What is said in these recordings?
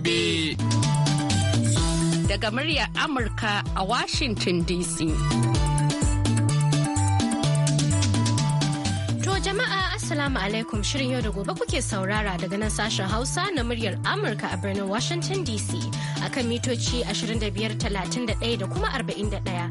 gobe. Daga muryar Amurka a Washington DC. To jama'a Assalamu alaikum shirin yau da gobe kuke saurara daga nan sashen Hausa na muryar Amurka a birnin Washington DC akan mitoci 25, 31 da kuma 41.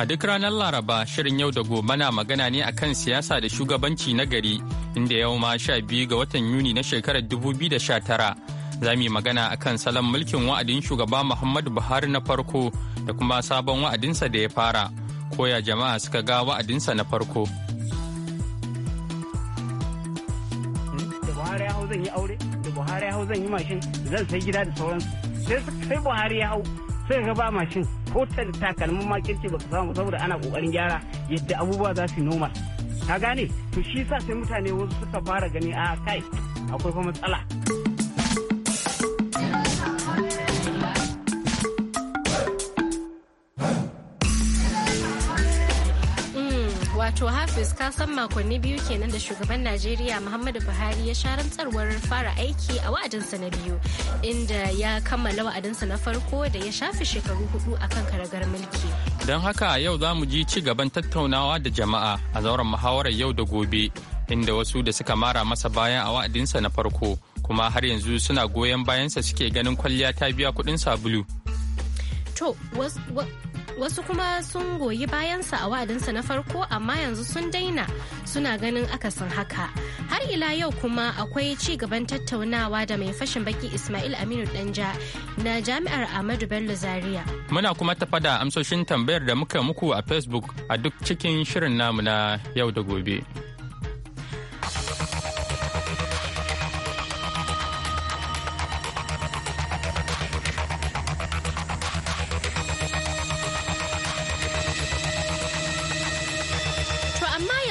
A duk ranar Laraba shirin yau da gobe na magana ne akan siyasa da shugabanci na gari inda yau ma sha biyu ga watan Yuni na shekarar 2019 za mu yi magana akan salon mulkin wa'adin shugaba Muhammadu Buhari na farko da kuma sabon wa'adinsa da ya fara. Koya jama'a suka ga wa'adinsa na farko. Da Buhari ya hau zan yi aure, da Buhari ya hau zan yi mashin, zan sai gida da sauransu. Sai Buhari ya hau sai ga ba mashin ko takalmin makirci kirki baka samu saboda ana kokarin gyara yadda abubuwa za su noma ka gane to shi sa sai mutane wasu suka fara gani a kai akwai kuma matsala Wato Hafiz ka san makonni biyu kenan da shugaban Najeriya Muhammadu Buhari ya sha rantsarwar fara aiki a wa'adinsa na biyu inda ya kammala wa'adinsa na farko da ya shafi shekaru hudu a kan karagar mulki. Don haka yau za mu ji ci gaban tattaunawa da jama'a a zauren muhawarar yau da gobe inda wasu da suka mara masa bayan a wa'adinsa na farko kuma har yanzu suna goyon bayansa suke ganin kwalliya ta biya kuɗin sabulu. wasu kuma sun goyi bayansa a wa'adinsa na farko amma yanzu sun daina suna ganin akasin haka har ila yau kuma akwai ci gaban tattaunawa da mai fashin baki ismail aminu danja na jami'ar ahmadu bello zaria muna kuma tafa da amsoshin tambayar da muka muku a facebook a duk cikin shirin namu na yau da gobe.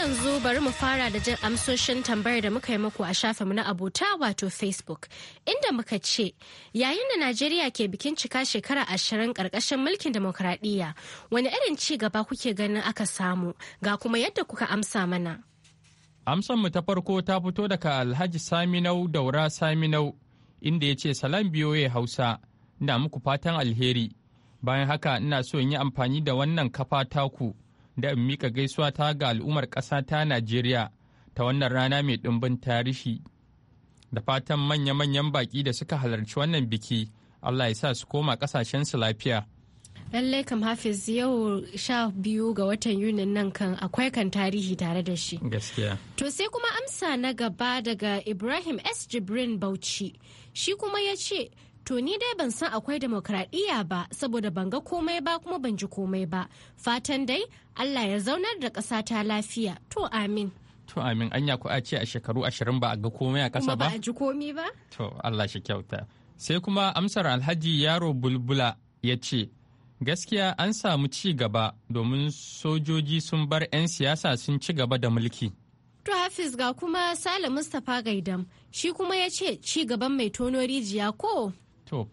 yanzu bari mu fara da jin amsoshin tambayar da muka yi muku a shafinmu na abota wato Facebook inda muka ce yayin da Najeriya ke bikin cika shekara ashirin karkashin mulkin demokradiyya wani irin ci gaba kuke ganin aka samu ga kuma yadda kuka amsa mana. Amsanmu ta farko ta fito daga Alhaji Saminau Daura Saminau inda ya ce salam biyoye Hausa ina muku fatan alheri bayan haka ina so in yi amfani da wannan kafa taku. da in mika gaisuwa ta ga al'ummar ƙasa ta Najeriya ta wannan rana mai ɗumbin tarihi. Da fatan manya-manyan baƙi da suka halarci wannan biki, Allah ya sa su koma ƙasashensu lafiya. Lallai kam Hafiz yau sha biyu ga watan Yunin nan kan akwai kan tarihi tare da shi. Gaskiya. To sai kuma amsa na gaba daga Ibrahim S. Jibrin Bauchi. Shi kuma ya ce, To ni dai ban san akwai demokradiyya ba saboda ban ga komai ba kuma ban ji komai ba. Fatan dai Allah ya zaunar da ƙasa ta lafiya. To amin. To amin anya ku a ce a shekaru ashirin ba a ga komai a ƙasa ba? Kuma ba a ji komai ba? To Allah shi kyauta. Sai kuma amsar Alhaji Yaro Bulbula ya ce, Gaskiya an samu ci gaba domin sojoji sun bar 'yan siyasa sun ci gaba da mulki. To Hafiz ga kuma Sale Mustapha Gaidam shi kuma ya ce ci gaban mai tono rijiya ko? To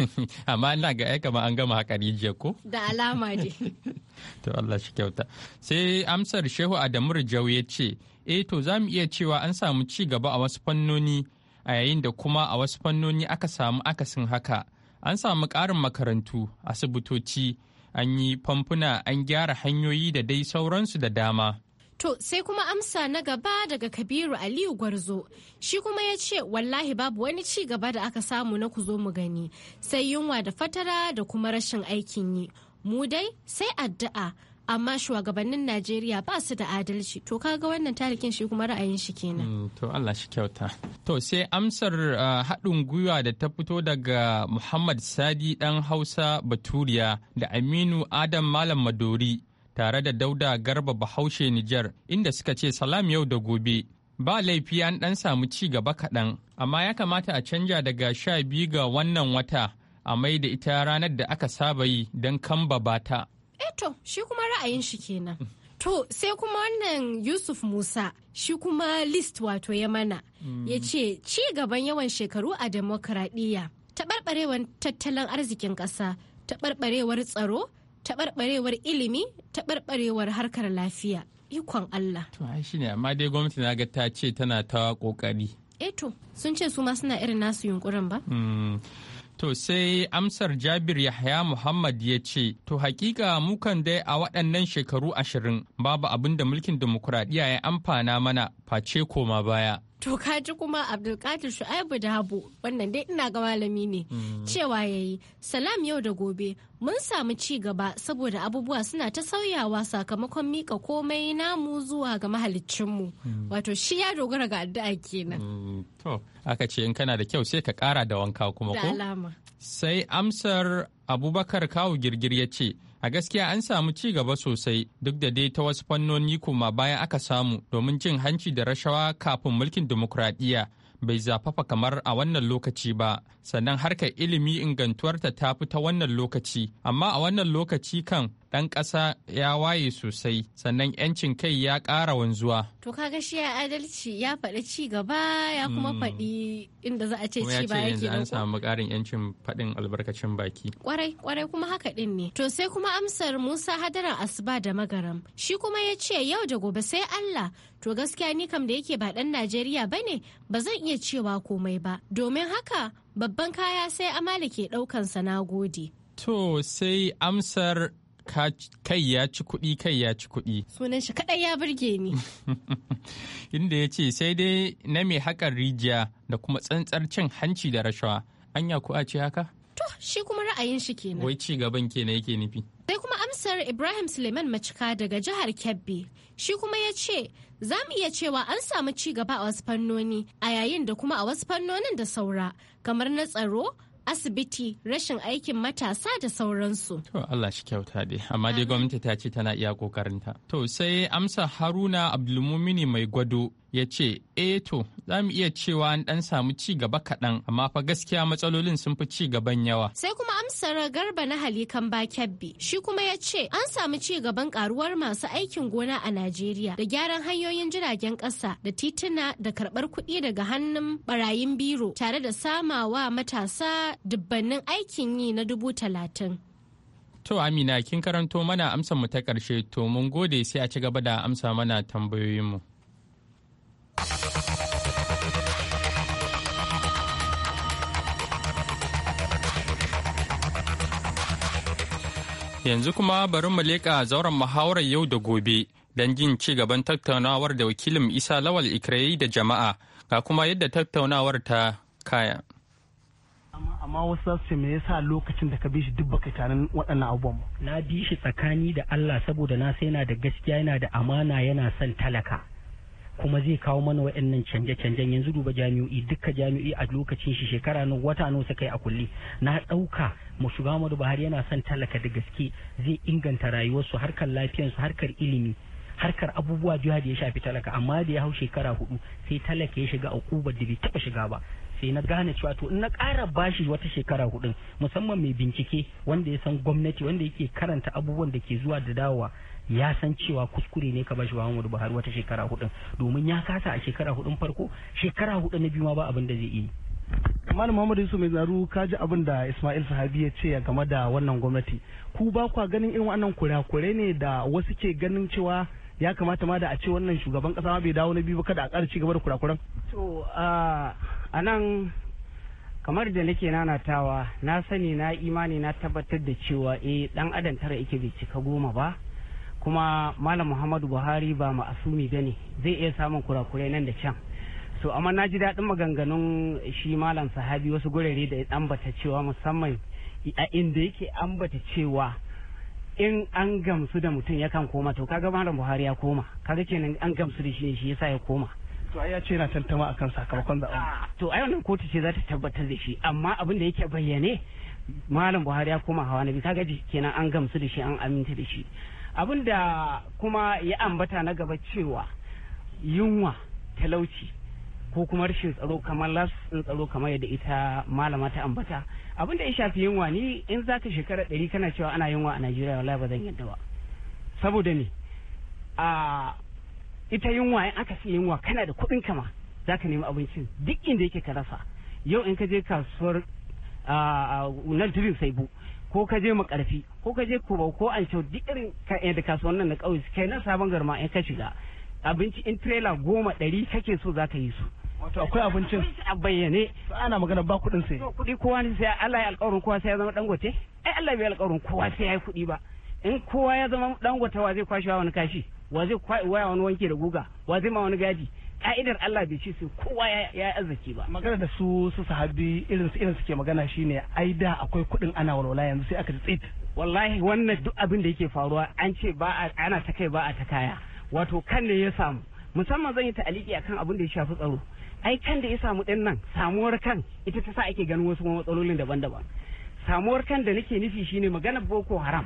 amma ina ga aika ma an gama haka rijiya ko? Da alama ne. to Allah shi kyauta. Sai amsar Shehu Adamu Rijau ya ce, "E to za mu iya cewa an samu ci gaba a wasu fannoni a yayin da kuma a wasu fannoni aka samu akasin haka. An samu ƙarin makarantu, asibitoci, an yi famfuna, an gyara hanyoyi da dai sauransu da dama." To sai kuma amsa na gaba daga Kabiru Aliyu Gwarzo shi kuma ya ce wallahi babu wani ci gaba da aka samu na ku zo mu gani sai yunwa da fatara da kuma rashin aikin yi. Mu dai sai addu'a amma shugabannin Najeriya ba su da adalci to kaga wannan tarikin shi kuma ra'ayin shi kenan. Mm, to Allah shi kyauta. To sai amsar uh, haɗin gwiwa da ta fito daga Muhammad Sadi ɗan Hausa Baturiya da Aminu Adam Malam Madori. tare da dauda garba bahaushe Nijar inda suka ce salam yau da gobe. Ba laifi an ɗan samu ci gaba kaɗan, amma ya kamata a canja daga sha biyu ga wannan wata a mai da ita ranar da aka saba yi don kamba bata. Eto, eh shi kuma ra'ayin shi kenan. To sai kuma wannan Yusuf Musa shi kuma list wato ya mana hmm. ya ce ci gaban yawan shekaru a demokradiyya taɓarɓarewar tattalin arzikin ƙasa taɓarɓarewar tsaro taɓarɓarewar ilimi taɓarɓarewar harkar lafiya ikon Allah. To ai shine amma dai gwamnati na ga ta ce tana ta kokari. Eh to sun ce su ma suna irin nasu yunkurin ba? Hmm. To sai amsar Jabir Yahya Muhammad ya ce, To hakika mukan dai a waɗannan shekaru ashirin babu abin da mulkin demokuraɗiyya ya amfana mana face koma baya. to ka ji kuma abdulkadir shu'aibu da habu wannan dai ina ga malami ne mm. cewa yayi salam yau da gobe mun samu ci gaba saboda abubuwa suna ta sauyawa sakamakon mika komai namu zuwa ga mahaliccinmu mm. wato shi ya dogara ga addu'a kenan mm, to aka ce in kana da kyau sai ka kara da wanka kuma ko sai amsar abubakar kawu girgir ya ce a gaskiya an samu ci gaba sosai duk da dai ta wasu fannoni kuma bayan aka samu domin cin hanci da rashawa kafin mulkin dimokuraɗiyya bai zafafa kamar a wannan lokaci ba sannan harkar ilimi ingantuwarta ta fi ta wannan lokaci amma a wannan lokaci kan ɗan ƙasa ya waye sosai sannan 'yancin kai ya ƙara wanzuwa. To kaga shi ya adalci ya faɗi ci gaba ya kuma hmm. faɗi inda za a ce ci ba yake an samu ƙarin 'yancin faɗin albarkacin baki. Kwarai kwarai kuma haka ɗin ne. To sai kuma amsar Musa Hadaran Asuba da Magaram. Shi kuma ya ce yau da gobe sai Allah. To gaskiya ni kam da yake ba ɗan Najeriya ba ne ba zan iya cewa komai ba. Domin haka Babban kaya sai amala ke ɗaukansa na gode. To sai amsar kai ya ci kuɗi kai ya ci kuɗi. Sunan shi kaɗai ya burge ni. Inda ya ce sai dai na mai haƙar rijiya da kuma tsantsar cin hanci da rashawa. Anya ku a ce haka? To shi kuma ra'ayin shi kenan. Wai ci gaban kenan yake nufi. Sai kuma amsar Ibrahim Suleiman Macika daga jihar Kebbi. Shi kuma ya ce za mu iya cewa an samu ci gaba a wasu fannoni a yayin da kuma a wasu fannonin da saura kamar na tsaro asibiti rashin aikin matasa da sauransu. To Allah shi kyauta dai, amma dai gwamnati ta ce tana iya kokarinta. To sai amsa Haruna Abdulmumini mai gwado ya ce eh to za mu iya cewa an dan samu ci gaba kaɗan amma fa gaskiya matsalolin sun fi ci gaban yawa sai kuma amsar garba na halikan bakebbi shi kuma ya ce an samu ci gaban karuwar masu aikin gona a najeriya da gyaran hanyoyin jiragen ƙasa da tituna da karɓar kuɗi daga hannun barayin biro tare da samawa matasa dubbannin aikin yi na dubu talatin To Amina kin karanto mana amsar mu ta karshe to mun gode sai a ci gaba da amsa mana tambayoyinmu. Yanzu kuma bari mu leƙa zauren muhawarar yau da gobe don jin ci gaban tattaunawar da wakilin Isa Lawal Ikirai da jama'a ga kuma yadda tattaunawar ta kaya. amma wasu su me yasa lokacin da ka bi shi duk baka tarin waɗannan abubuwan na bi shi tsakani da Allah saboda na sai yana da gaskiya yana da amana yana son talaka kuma zai kawo mana waɗannan canje-canjen yanzu duba jami'o'i duka jami'o'i a lokacin shi shekara nan wata nawa kai a kulli na ɗauka mu shiga Muhammadu Buhari yana son talaka da gaske zai inganta rayuwarsu harkar lafiyarsu harkar ilimi harkar abubuwa biyu da ya shafi talaka amma da ya hau shekara hudu sai talaka ya shiga a kubar da bai taba shiga ba sai na gane cewa to in na ƙara bashi wata shekara hudun musamman mai bincike wanda ya san gwamnati wanda yake karanta abubuwan da ke zuwa da dawowa ya san cewa kuskure ne ka bashi Muhammadu Buhari wata shekara hudun domin ya kasa a shekara hudun farko shekara hudun na biyu ma ba abin da zai yi Malam Muhammadu Yusuf mai zaru ka ji abin da Ismail Sahabi ya ce game da wannan gwamnati ku ba kwa ganin irin wannan kurakure ne da wasu ke ganin cewa ya kamata ma da a ce wannan shugaban kasa ma bai dawo na biyu ba kada a ƙara ci da kurakuran to a nan kamar da nake nanatawa na sani na imani na tabbatar da cewa eh dan adam tara yake bai cika goma ba kuma malam muhammadu buhari ba ma'asumi bane zai iya samun kurakurai nan da can so amma na ji daɗin maganganun shi malam sahabi wasu gurare da ya ambata cewa musamman a inda yake ambata cewa in an gamsu da mutum ya kan koma to kaga malam buhari ya koma kaga kenan an gamsu da shi ne shi yasa ya koma to ai ya ce yana tantama akan sakamakon zaben to ai wannan kotu ce za ta tabbatar da shi amma abin da yake bayyane malam buhari ya koma hawa na biyu kaga kenan an gamsu da shi an aminta da shi abin da kuma ya ambata na gaba cewa yunwa talauci ko kuma rashin tsaro kamar lasin tsaro kamar yadda ita malama ta ambata abin da ya shafi yunwa ni in za ka shekara ɗari kana cewa ana yunwa a najeriya wallahi ba zan yadda ba saboda ne a ita yunwa in aka fi yunwa kana da kuɗin kama za ka nemi abincin duk inda yake ka rasa yau in ka je kasuwar nan tudun sai bu ko ka je makarfi ko ka je kurau ko an shau duk irin ka yadda eh, kasuwannin na ƙauye kai na sabon garma in ka shiga abinci in tirela goma ɗari kake so za ka yi su. wato akwai abincin a bayyane ana magana ba kuɗin sai kuɗi kowa ne sai Allah ya alƙawarin kowa sai ya zama dangote ai Allah bai alƙawarin kowa sai ya yi kuɗi ba in kowa ya zama dangote wa zai wa wani kashi wa zai waya wani wanke da guga wa zai ma wani gadi ka'idar Allah bai ce sai kowa ya arziki ba magana da su su sahabi irin su irin suke magana shine ai da akwai kuɗin ana walwala yanzu sai aka tsit wallahi wannan duk abin da yake faruwa an ce ba ana ta kai ba a ta kaya wato kan ne ya samu musamman zan yi ta'aliki akan abin da ya shafi tsaro ai kan da ya samu ɗin nan samuwar kan ita ta sa ake ganin wasu matsalolin daban-daban samuwar kan da nake nufi shine magana boko haram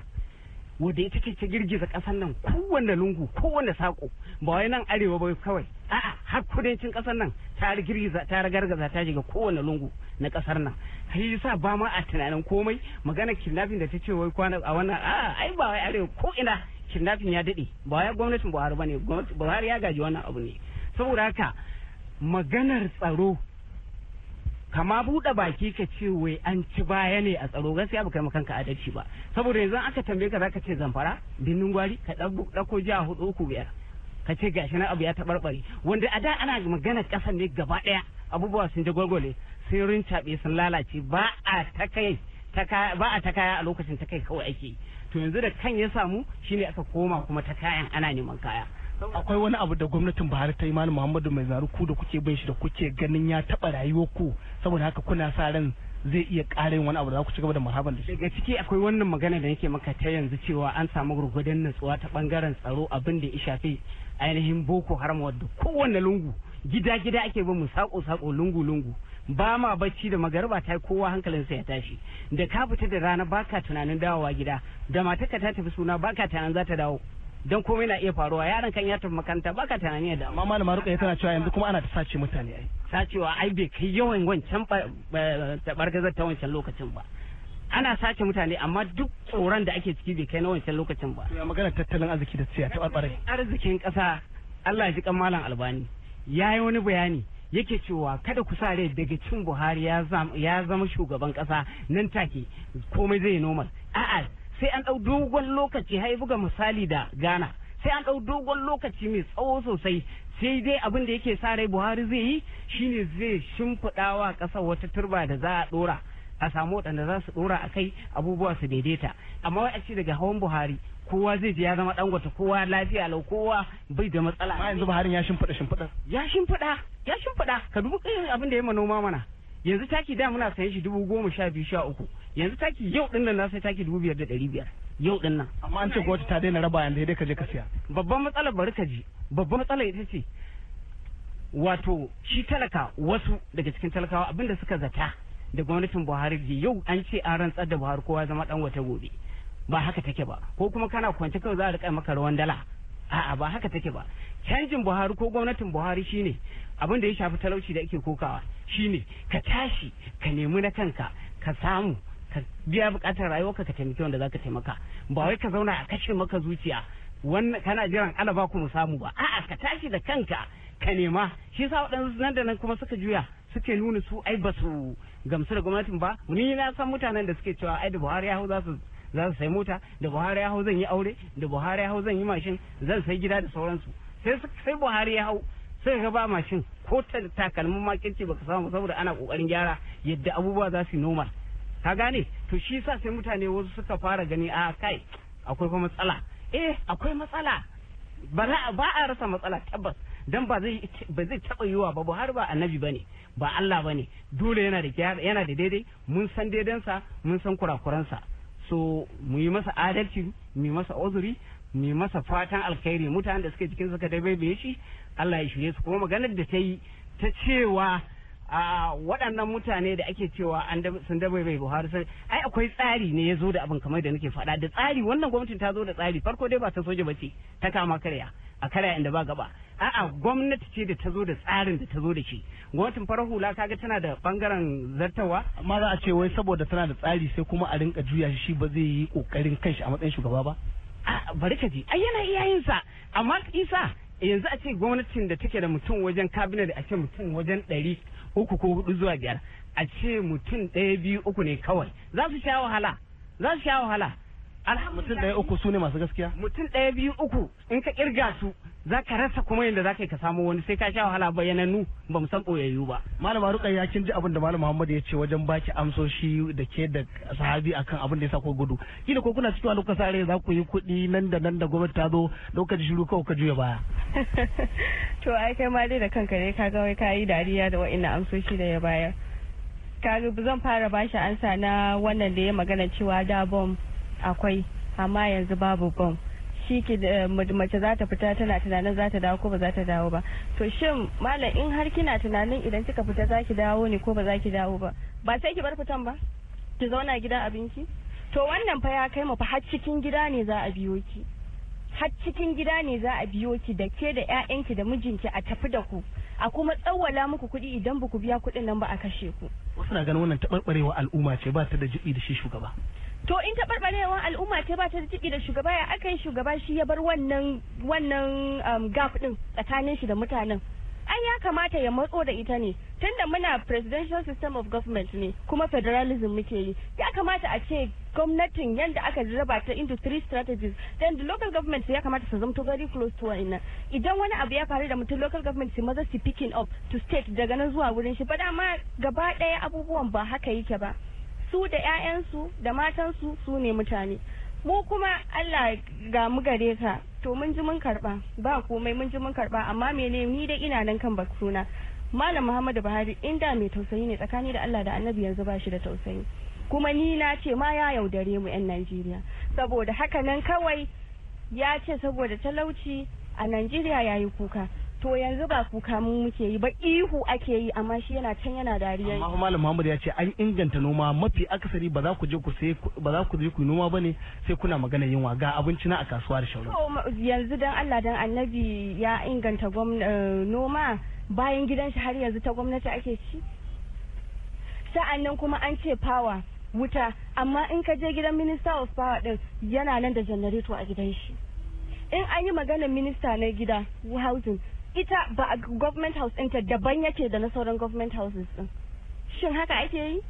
wadda ita ce ta girgiza ƙasar nan kowanne lungu kowanne saƙo ba wai nan arewa ba kawai a'a har kudancin ƙasar nan ta girgiza ta ragargaza ta shiga kowanne lungu na ƙasar nan shi yasa ba ma a tunanin komai magana kidnapping da ta ce wai kwana a wannan a'a ai ba wai arewa ko ina kidnapping ya daɗe ba wai gwamnatin Buhari bane Buhari ya gaji wannan abu ne saboda haka maganar tsaro kama buɗe baki ka ce wai an ci baya ne a tsaro gaskiya ba kai ma kanka adalci ba saboda yanzu aka tambaye ka zaka ce zamfara binnin gwari ka ɗauko a hudu uku biyar ka ce gashi na abu ya taɓarɓare wanda a da ana magana ƙasa ne gaba ɗaya abubuwa sun je jagwalgwale sun rincaɓe sun lalace ba a ta kai ba a ta kaya a lokacin ta kai kawai ake to yanzu da kan ya samu shine aka koma kuma ta kayan ana neman kaya akwai wani abu da gwamnatin Buhari ta yi malam Muhammadu mai zaru ku da kuke bin shi da kuke ganin ya taba rayuwar ku saboda haka kuna sa ran zai iya ƙarin wani abu da za ku ci gaba da muhabban da shi. Daga ciki akwai wannan magana da nake maka ta yanzu cewa an samu gurgudan natsuwa ta bangaren tsaro abin da ya shafi ainihin Boko Haram wadda kowanne lungu gida gida ake bin mu sako sako lungu lungu ba ma bacci da magariba ta yi kowa sa ya tashi da ka fita da rana baka tunanin dawowa gida da matarka ta tafi suna baka tunanin za ta dawo dan komai na iya faruwa yaron kan ya tafi makaranta baka tunani da amma malama ruka tana cewa yanzu kuma ana ta sace mutane ai sacewa ai bai kai yawan wancan tabargazar ta wancan lokacin ba ana sace mutane amma duk tsoron da ake ciki bai kai na wancan lokacin ba ya magana tattalin arziki da tsaya ta barbare arzikin kasa Allah ya ji kan malam albani yayi wani bayani yake cewa kada ku sa rai daga cin Buhari ya zama shugaban kasa nan take komai zai yi normal a'a sai an ɗau dogon lokaci hai buga misali da ghana sai an ɗau dogon lokaci mai tsawo sosai sai dai abin da yake sa rai buhari zai yi shine zai shimfiɗa wa ƙasar wata turba da za a ɗora a samu waɗanda za su ɗora a kai abubuwa su daidaita amma wai a ce daga hawan buhari kowa zai ji ya zama dangwata kowa lafiya lau kowa bai da matsala. Ma yanzu Buhari ya shimfiɗa shimfiɗa. Ya shimfiɗa ya shimfiɗa ka dubi abin da ya manoma mana. yanzu taki da muna sayi shi dubu goma sha biyu sha uku yanzu taki yau din nan na sai taki dubu biyar da ɗari biyar yau din nan amma an ce gwamnati ta daina raba yanzu dai ka je ka siya babban matsalar bari ka ji babban matsalar ita ce wato shi talaka wasu daga cikin talakawa abinda suka zata da gwamnatin Buhari ji yau an ce an rantsar da Buhari kowa zama dan wata gobe ba haka take ba ko kuma kana kwance kawai za a rika maka rawan dala a'a ba haka take ba canjin Buhari ko gwamnatin Buhari shine abin da ya shafi talauci da ake kokawa shine ka tashi ka nemi na kanka ka samu ka biya bukatar rayuwarka ka taimaki wanda zaka taimaka ba wai ka zauna a kashe maka zuciya wannan kana jiran ana ba ku samu ba a'a ka tashi da kanka ka nema shi yasa waɗansu nan da nan kuma suka juya suke nuna su ai ba su gamsu da gwamnatin ba ni na san mutanen da suke cewa ai da Buhari ya hau za su za su sai mota da Buhari ya hau zan yi aure da Buhari ya hau zan yi mashin zan sai gida da sauransu sai Buhari ya hau sai ga ba mashin ko ta takalmin ma ba baka samu saboda ana kokarin gyara yadda abubuwa za su normal ka gane to shi sa sai mutane wasu suka fara gani a kai akwai kuma matsala eh akwai matsala ba a rasa matsala tabbas dan ba zai ba zai taba yiwa ba Buhari ba annabi bane ba Allah bane dole yana da yana da daidai mun san daidansa mun san kurakuransa so mu yi masa adalci mu yi masa uzuri mu masa fatan alkhairi mutanen da suke cikin suka bai shi Allah ya shirye su kuma maganar da ta yi ta cewa a waɗannan mutane da ake cewa sun dabe bai buhari sai ai akwai tsari ne ya zo da abin kamar da nake faɗa da tsari wannan gwamnatin ta zo da tsari farko dai ba ta soja ba ce ta kama karya a karya inda ba gaba a'a gwamnati ce da ta zo da tsarin da ta zo da shi gwamnatin farar hula kaga tana da bangaren zartawa amma za a ce wai saboda tana da tsari sai kuma a rinka juya shi ba zai yi kokarin kanshi a matsayin shugaba ba bari ka ji ai yana iyayensa amma isa yanzu a ce gwamnatin da take da mutum wajen kabinet a ce mutum wajen ɗari uku ko hudu zuwa biyar a ce mutum ɗaya biyu uku ne kawai za su sha wahala za su sha wahala mutum daya uku su ne masu gaskiya mutum ɗaya biyu uku in ka kirga su za ka rasa kuma yadda za ka ka samu wani sai ka sha wahala nu ba san ɓoyayyu ba Malam ruka ya kin ji abin da malam muhammad ya ce wajen baki amsoshi da ke da sahabi akan abin da ya sa ko gudu kila ko kuna cikin lokacin sare za ku yi kuɗi nan da nan da gwamnati ta zo lokaci shiru kawai ka juya baya to ai kai ma dai da kanka ne ka ga wai ka yi dariya da wa'annan amsoshi da ya bayar ka zan fara bashi ansa na wannan da ya magana cewa da bomb akwai amma yanzu babu bom shi eh, mace za ta fita tana tunanin za ta dawo ko ba za ta dawo ba to shin malam in har kina tunanin idan kika fita za ki dawo ne ko ba za ki dawo ba ba sai ki bar fitan ba ki zauna gida abinci to wannan fa ya kai mu fa har cikin gida ne za a biyo ki har cikin gida ne za a biyo ki da ke da 'ya'yanki da mijinki a tafi da ku a kuma tsawwala muku kuɗi idan ba ku biya kuɗin nan ba a kashe ku wasu na ganin wannan taɓarɓarewa al'umma ce ba ta da jiɓi da shi shugaba to in taɓarɓarewar al'umma ce ba ta tibi da shugaba ya aka shugaba shi ya bar wannan wannan um, gap ɗin tsakanin shi da mutanen ai ya kamata ya matso da ita ne tunda muna presidential system of government ne kuma federalism muke yi ya kamata a ce gwamnatin yadda aka raba ta into three strategies then the local government ya kamata su zamto very close to wa'ina idan wani abu ya faru da mutum local government su maza su picking up to state daga nan zuwa wurin shi ba dama gaba daya abubuwan ba haka yake ba su da 'ya'yansu da matansu su ne mutane mu kuma Allah ga mu gare ka to mun ji mun karba ba komai mun ji mun karba amma mene ni da ina nan kan suna malam Muhammadu Buhari inda mai tausayi ne tsakani da Allah da Annabi yanzu ba shi da tausayi kuma ni na ce ma ya yaudare mu 'yan Najeriya saboda haka nan kawai ya ce saboda talauci a Najeriya ya yi kuka to yanzu ba kuka mu muke yi ba ihu ake yi amma shi yana can yana dariya amma malam Muhammad ya ce an inganta noma mafi akasari ba za ku je ku sai ba za ku je ku noma bane sai kuna magana yunwa ga abinci na a kasuwa da to yanzu dan Allah dan Annabi ya inganta eh, noma bayan gidan shi har yanzu ta gwamnati ake ci sa'an nan kuma an ce power wuta amma in ka je gidan minister of power din yana nan da janareto a gidan shi in an yi magana minista na gida housing ita ba a government house ɗinta daban yake da na sauran government houses ɗin shin haka ake yi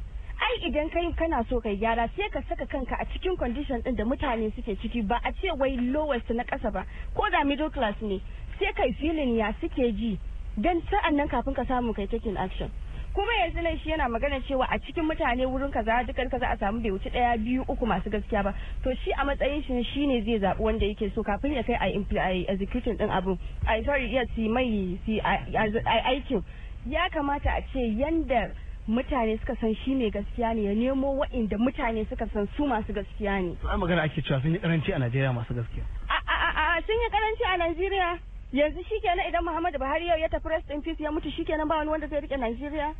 ai idan kai kana so kai gyara sai ka saka kanka a cikin condition ɗin da mutane suke ciki ba a ce wai lowest na ƙasa ba ko da middle class ne sai kai filin ya suke ji dan sa'an nan kafin ka samu kai taking action kuma yanzu nan shi yana magana cewa a cikin mutane wurin kaza dukkan kaza a samu bai wuce daya biyu uku masu gaskiya ba to shi a matsayin shi shine zai zabi wanda yake so kafin ya kai a execution din abu i sorry yes si mai si aikin ya kamata a ce yanda mutane suka san shi ne gaskiya ne ya nemo wa'inda mutane suka san su masu gaskiya ne. Ai magana ake cewa sun yi karanci a Najeriya masu gaskiya. A sun yi karanci a Najeriya yanzu shikenan idan Muhammadu Buhari yau ya tafi rest in peace ya mutu shikenan ba wani wanda zai rike Najeriya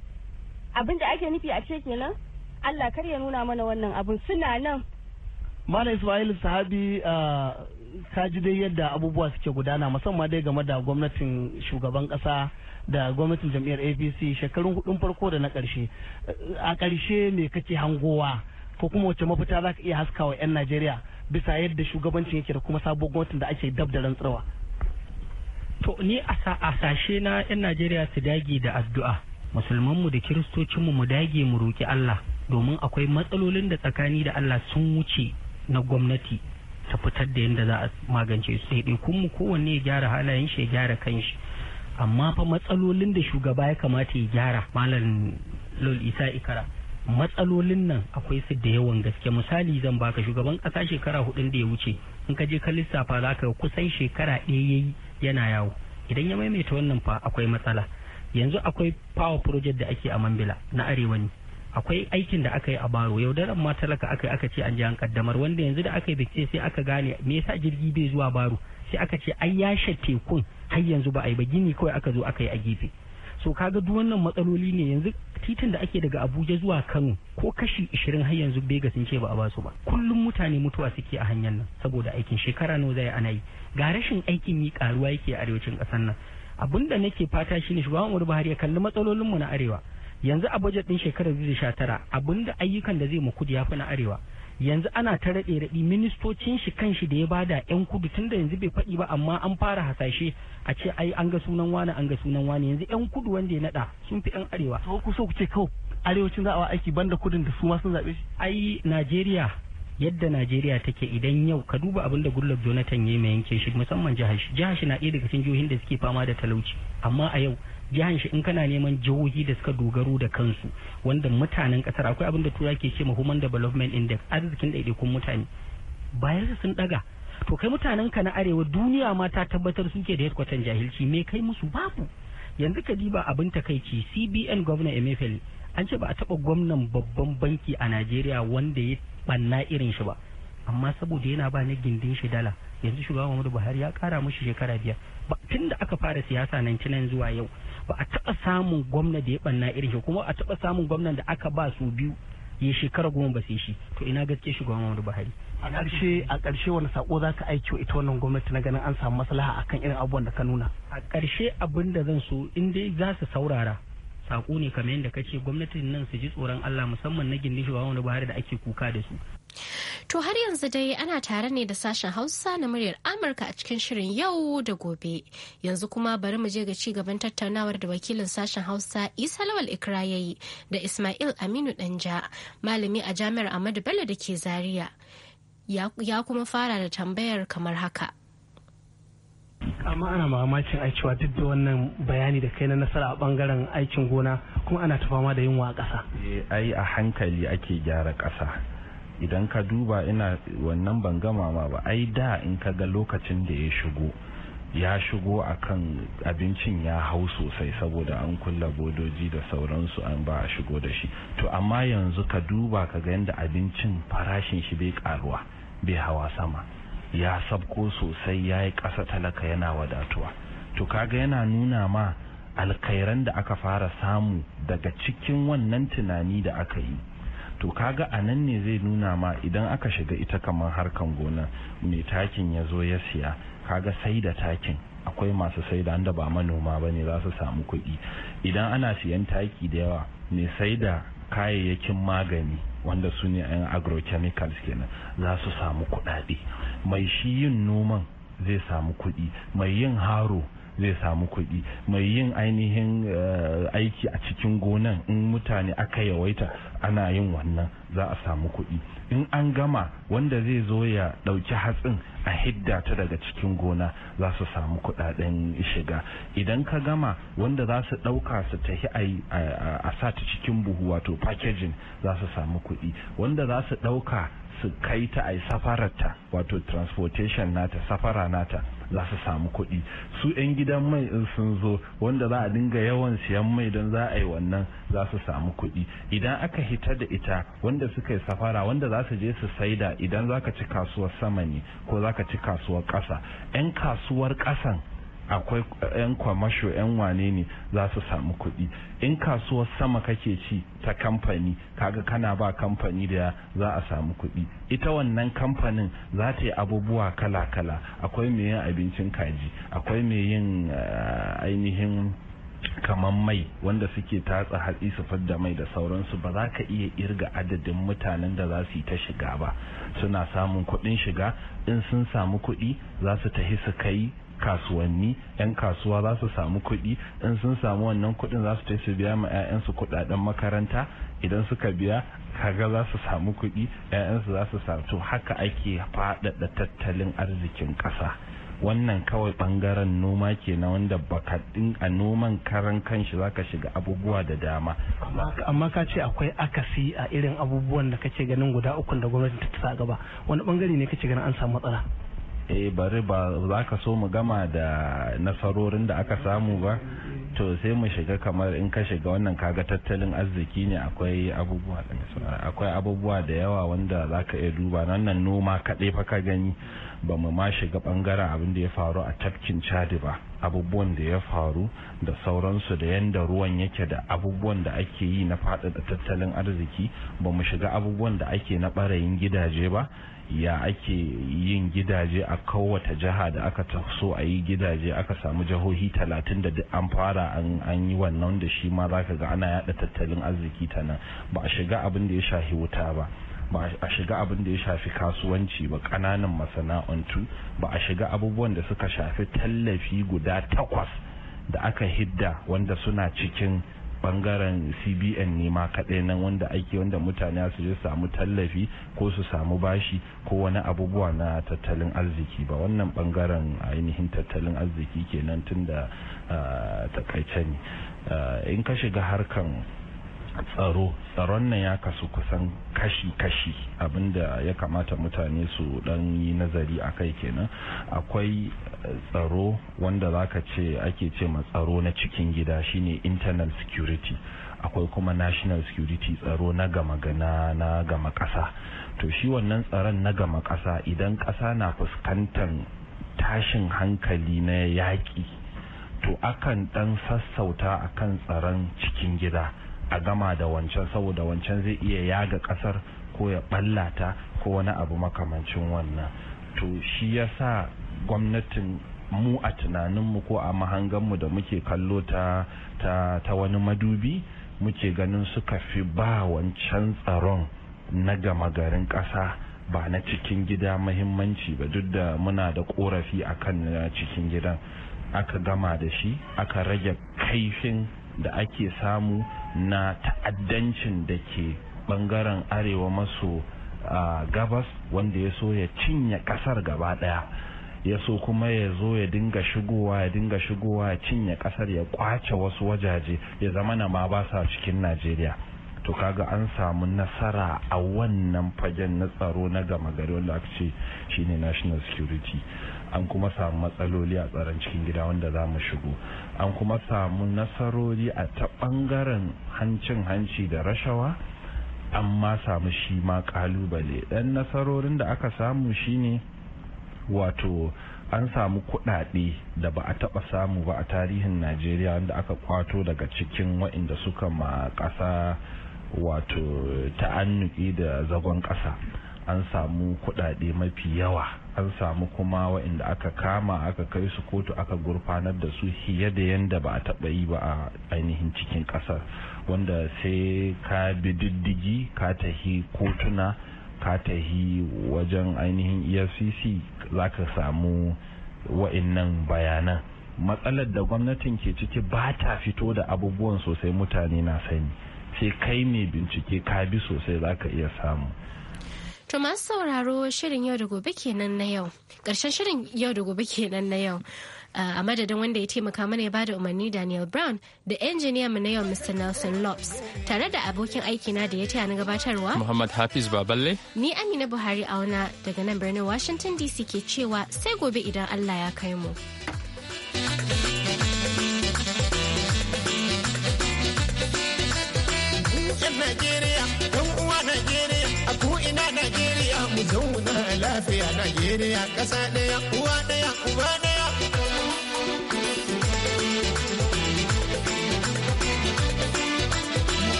abin da ake nufi a ce kenan Allah kar ya nuna mana wannan abin suna nan Malam Ismail Sahabi ka ji dai yadda abubuwa suke gudana musamman dai game da gwamnatin shugaban kasa da gwamnatin jam'iyyar apc shekarun hudun farko da na karshe a karshe ne kake hangowa ko kuma wace mafita za ka iya haskawa 'yan najeriya bisa yadda shugabancin yake da kuma sabon gwamnatin da ake dab da rantsarwa to ni a sashe na 'yan najeriya su dage da addu'a musulmanmu da kiristocinmu mu dage mu roƙi allah domin akwai matsalolin da tsakani da allah sun wuce na gwamnati ta fitar da yadda za a magance su sai mu kowanne ya gyara halayen shi ya gyara kanshi amma fa matsalolin da shugaba ya kamata ya gyara malam lol isa ikara matsalolin nan akwai su da yawan gaske misali zan baka shugaban ƙasa shekara hudun da ya wuce in ka je ka lissafa za ka kusan shekara ɗaya ya yi. yana yawo idan ya maimaita wannan fa akwai matsala yanzu akwai power project da ake a mambila na arewa ne akwai aikin da aka yi a baro yaudaran ma talaka aka aka ce an ji an kaddamar wanda yanzu da aka yi bice sai aka gane me yasa jirgi bai zuwa baro sai aka ce ai ya tekun har yanzu ba a yi ba gini kawai aka zo aka yi a gefe so kaga duk wannan matsaloli ne yanzu titin da ake daga abuja zuwa kano ko kashi ishirin har yanzu bega sun ce ba a basu ba kullum mutane mutuwa suke a hanyar nan saboda aikin shekara nawa zai ana yi ga rashin aikin yi karuwa yake arewacin kasar nan abin da nake fata shine shugaban Muhammadu Buhari ya kalli matsalolinmu na arewa yanzu a bajet din shekarar 2019 abin da ayyukan da zai mu kudi ya fi na arewa yanzu ana ta raɗe raɗi ministocin shi kan kanshi da ya bada yan kudu tunda yanzu bai faɗi ba amma an fara hasashe a ce ai an ga sunan wani an ga sunan wani yanzu yan kudu wanda ya naɗa sun fi yan arewa. to ku so ku ce kawai arewacin za a aiki banda kudin da su ma sun zaɓe shi. ai najeriya yadda Najeriya take idan yau ka duba abin da gullab Jonathan ya ma yanke shi musamman jihar shi jihar shi na ɗaya daga cikin jihohin da suke fama da talauci amma a yau jihan shi in kana neman jihohi da suka dogaro da kansu wanda mutanen kasar akwai abin da tura ke ce ma human development index arzikin ɗaiɗaikun mutane bayan sun ɗaga to kai mutanen ka na arewa duniya ma ta tabbatar suke da hedkwatan jahilci me kai musu babu yanzu ka diba abin takaici cbn governor emefiele an ce ba a taɓa gwamnan babban banki a najeriya wanda ya banna irin shi ba amma saboda yana ba na gindin shi dala yanzu shugaban Muhammadu Buhari ya kara mushi shekara biyar tun da aka fara siyasa nan zuwa yau ba a taɓa samun gwamna da ya ɓanna irin shi kuma a taɓa samun gwamnan da aka ba su biyu ya shekara goma ba sai shi to ina gaske shi wani Buhari a ƙarshe wani sako za ka aiki ita wannan gwamnati na ganin an samu maslaha akan irin abubuwan da ka nuna a ƙarshe abin da zan so in dai za su saurara saƙo ne kamar yadda kace gwamnatin nan su ji tsoron Allah musamman na gindin shugaban Buhari da ake kuka da su To har yanzu dai ana tare ne da sashen Hausa na muryar Amurka a cikin shirin yau da gobe. Yanzu kuma bari mu je ga ci gaban tattaunawar da wakilin sashen Hausa Isa Lawal Ikra yayi da Ismail Aminu Danja, malami a Jami'ar Ahmadu Bello da ke Zaria. Ya kuma fara da tambayar kamar haka. amma ana mamakin aikiwa duk da wannan bayani da kai na nasara a bangaren aikin gona kuma ana ta fama da yunwa a ƙasa. Eh, ai a hankali ake gyara ƙasa idan ka duba ina wannan ban gama ma ba ai da in ka ga lokacin da ya shigo ya shigo a kan abincin ya hau sosai saboda an kulla bodoji da sauransu an ba a shigo da shi to amma yanzu ka duba ka ga yadda abincin farashin shi bai karuwa bai hawa sama ya sabko sosai ya yi ƙasa talaka yana wadatuwa to kaga yana nuna ma alkairan da aka fara samu daga cikin wannan tunani da aka yi to kaga a nan ne zai nuna ma idan aka shiga ita kamar harkan gona mai takin ya zo ya siya kaga sai da takin akwai masu sai da da ba manoma ba ne za su samu kuɗi idan ana siyan taki da yawa mai sai da kayayyakin magani wanda su ne ayan agrochemicals kenan za su samu kuɗaɗe mai shi yin noman zai samu kuɗi mai yin haro zai samu kuɗi mai yin ainihin eh, aiki a cikin gonan in mutane aka yawaita ana yin wannan za a samu kuɗi in an gama wanda zai zo ya ɗauki hatsin a hidda ta daga cikin gona za su samu kuɗaɗen shiga idan ka gama wanda za su ɗauka su tafi a sa cikin buhu wato packaging za su samu kuɗi wanda za su ɗauka su kai ta a safararta wato transportation nata safara nata za su samu kuɗi su 'yan gidan mai in sun zo wanda za a dinga yawan siyan mai don za a yi wannan za su samu kuɗi idan aka hita da ita wanda suka yi safara wanda za su je su saida idan za ka ci kasuwar sama ne ko za ka ci kasuwar ƙasa 'yan kasuwar ƙasan akwai 'yan kwamasho 'yan wane ne za su samu kuɗi in kasuwa sama kake ci ta kamfani kaga kana ba kamfani da za a samu kuɗi ita wannan kamfanin za ta yi abubuwa kala-kala akwai mai yin abincin kaji akwai mai yin eh, ainihin kamar mai wanda suke tatsa hatsi su fadda mai da sauransu ba za ka iya irga adadin mutanen da za su yi ta shiga ba suna samun kuɗin shiga in sun samu kuɗi za su tafi su kai kasuwanni yan kasuwa za su samu kuɗi in sun samu wannan kuɗin za su su biya ma 'ya'yansu kuɗaɗen makaranta idan suka biya kaga za su samu kuɗi 'ya'yansu za su samu to haka ake faɗaɗa tattalin arzikin ƙasa wannan kawai ɓangaren noma ke na wanda baka a noman karan kanshi ka shiga abubuwa da dama amma ka ce akwai akasi a irin abubuwan da kake ganin guda ukun da gwamnati ta tsaga gaba wani ɓangare ne kake ganin an samu matsala eh bari ba za ka so mu gama da nasarorin da aka samu ba to sai mu shiga kamar in ka shiga wannan kaga tattalin arziki ne akwai abubuwa da akwai abubuwa da yawa wanda za ka iya duba wannan noma kaɗai fa ka gani ba mu ma shiga ɓangaren abin da ya faru a tafkin chadi ba abubuwan da ya faru da sauransu da yadda ruwan yake da abubuwan da ake yi na faɗaɗa tattalin arziki ba mu shiga abubuwan da ake na ɓarayin gidaje ba ya ake yin gidaje a kowace jiha da aka so a yi gidaje aka samu jihohi talatin da an fara an yi wannan da shi ma za ka ga ana yada tattalin arziki ta nan ba a shiga abin da ya shafi wuta ba ba a shiga abin da ya shafi kasuwanci ba kananan masana'antu ba a shiga abubuwan da suka shafi tallafi guda takwas da aka hidda wanda suna cikin bangaren cbn ne ma kaɗai nan wanda ake wanda mutane su je samu tallafi ko su samu bashi ko wani abubuwa na tattalin arziki ba wannan bangaren ainihin tattalin arziki kenan tun da ah, takaice ne ah, in ka shiga harkan tsaro tsaron nan ya kasu kusan kashi-kashi abinda ya kamata mutane su dan yi nazari a kai kenan akwai eh, tsaro wanda zaka ce ake ce ma tsaro na cikin gida shine internal security akwai kuma national security tsaro na gama gana na gama kasa to shi wannan tsaron na gama kasa idan kasa na fuskantar tashin hankali na yaƙi to akan dan sassauta akan tsaron cikin gida a gama da wancan saboda wancan zai iya yaga kasar ko ya ballata ko wani abu makamancin wannan to shi yasa gwamnatin mu a tunaninmu ko a mahanganmu da muke kallo ta, ta, ta wani madubi muke ganin suka fi ba wancan tsaron na gama garin ƙasa ba na cikin gida mahimmanci ba duk da muna da ƙorafi kan cikin gidan aka gama da shi aka rage kaifin da ake samu na ta'addancin da ke bangaren arewa maso gabas wanda ya so ya cinye kasar gaba daya ya so kuma ya zo ya dinga shigowa ya dinga shigowa ya cinye kasar ya kwace wasu wajaje ya zama na ma ba sa cikin najeriya to kaga an samu nasara a wannan fagen na tsaro na gama gari wanda aka ce shine national security an kuma samu matsaloli a tsaron cikin gida wanda za mu shigo an kuma samu nasarori a ta bangaren hancin hanci da rashawa amma samu shi ma kalubale dan nasarorin da aka samu shine wato an samu kuɗaɗe da ba a taba samu ba a tarihin najeriya wanda aka kwato daga cikin wa'inda suka ma ƙasa wato annuki da zagon ƙasa an samu kuɗaɗe mafi yawa an samu kuma wa'inda aka kama aka kai su kotu aka gurfanar da su fiye da yadda ba a taɓa yi ba a ainihin cikin ƙasar wanda sai ka bi diddigi ka tahi kotuna ka tahi wajen ainihin efcc za ka samu wa'annan bayanan matsalar da gwamnatin ke ciki ba ta fito da abubuwan sosai mutane na sani sai kai mai bincike ka bi sosai za ka iya samu To masu sauraro shirin yau da gobe kenan na yau. Ƙarshen shirin yau da gobe kenan na yau. a madadin wanda ya taimaka mana ya bada umarni Daniel Brown da injiniyan mu na yau Mr. Nelson Lopes tare da abokin aikina da ya taya na gabatarwa. Muhammad Hafiz Baballe. Ni Amina Buhari auna daga nan birnin Washington DC ke cewa sai gobe idan Allah ya kai mu. Najeriya, uwa Najeriya. a ko'ina Najeriya mu zauna lafiya Najeriya ƙasa ɗaya uwa ɗaya uba ɗaya.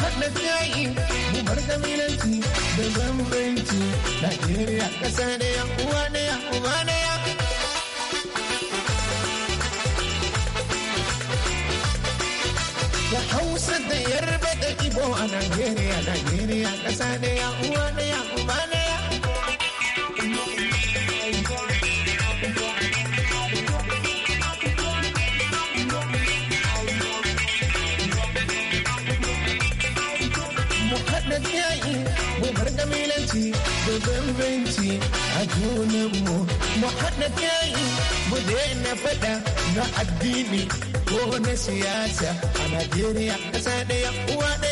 Haɗa tsayi mu bar kabilanci da bambanci Najeriya ƙasa ɗaya uwa ɗaya uba ɗaya. Igbo a Najeriya, Najeriya ƙasa ɗaya, uwa ne ɗaya, uba ɗaya. Mu haɗa yayi, mu bar gamilanci da bambanci a junanmu. Mu haɗa yayi, mu daina faɗa na addini ko na siyasa a Najeriya ƙasa ɗaya, uwa ɗaya.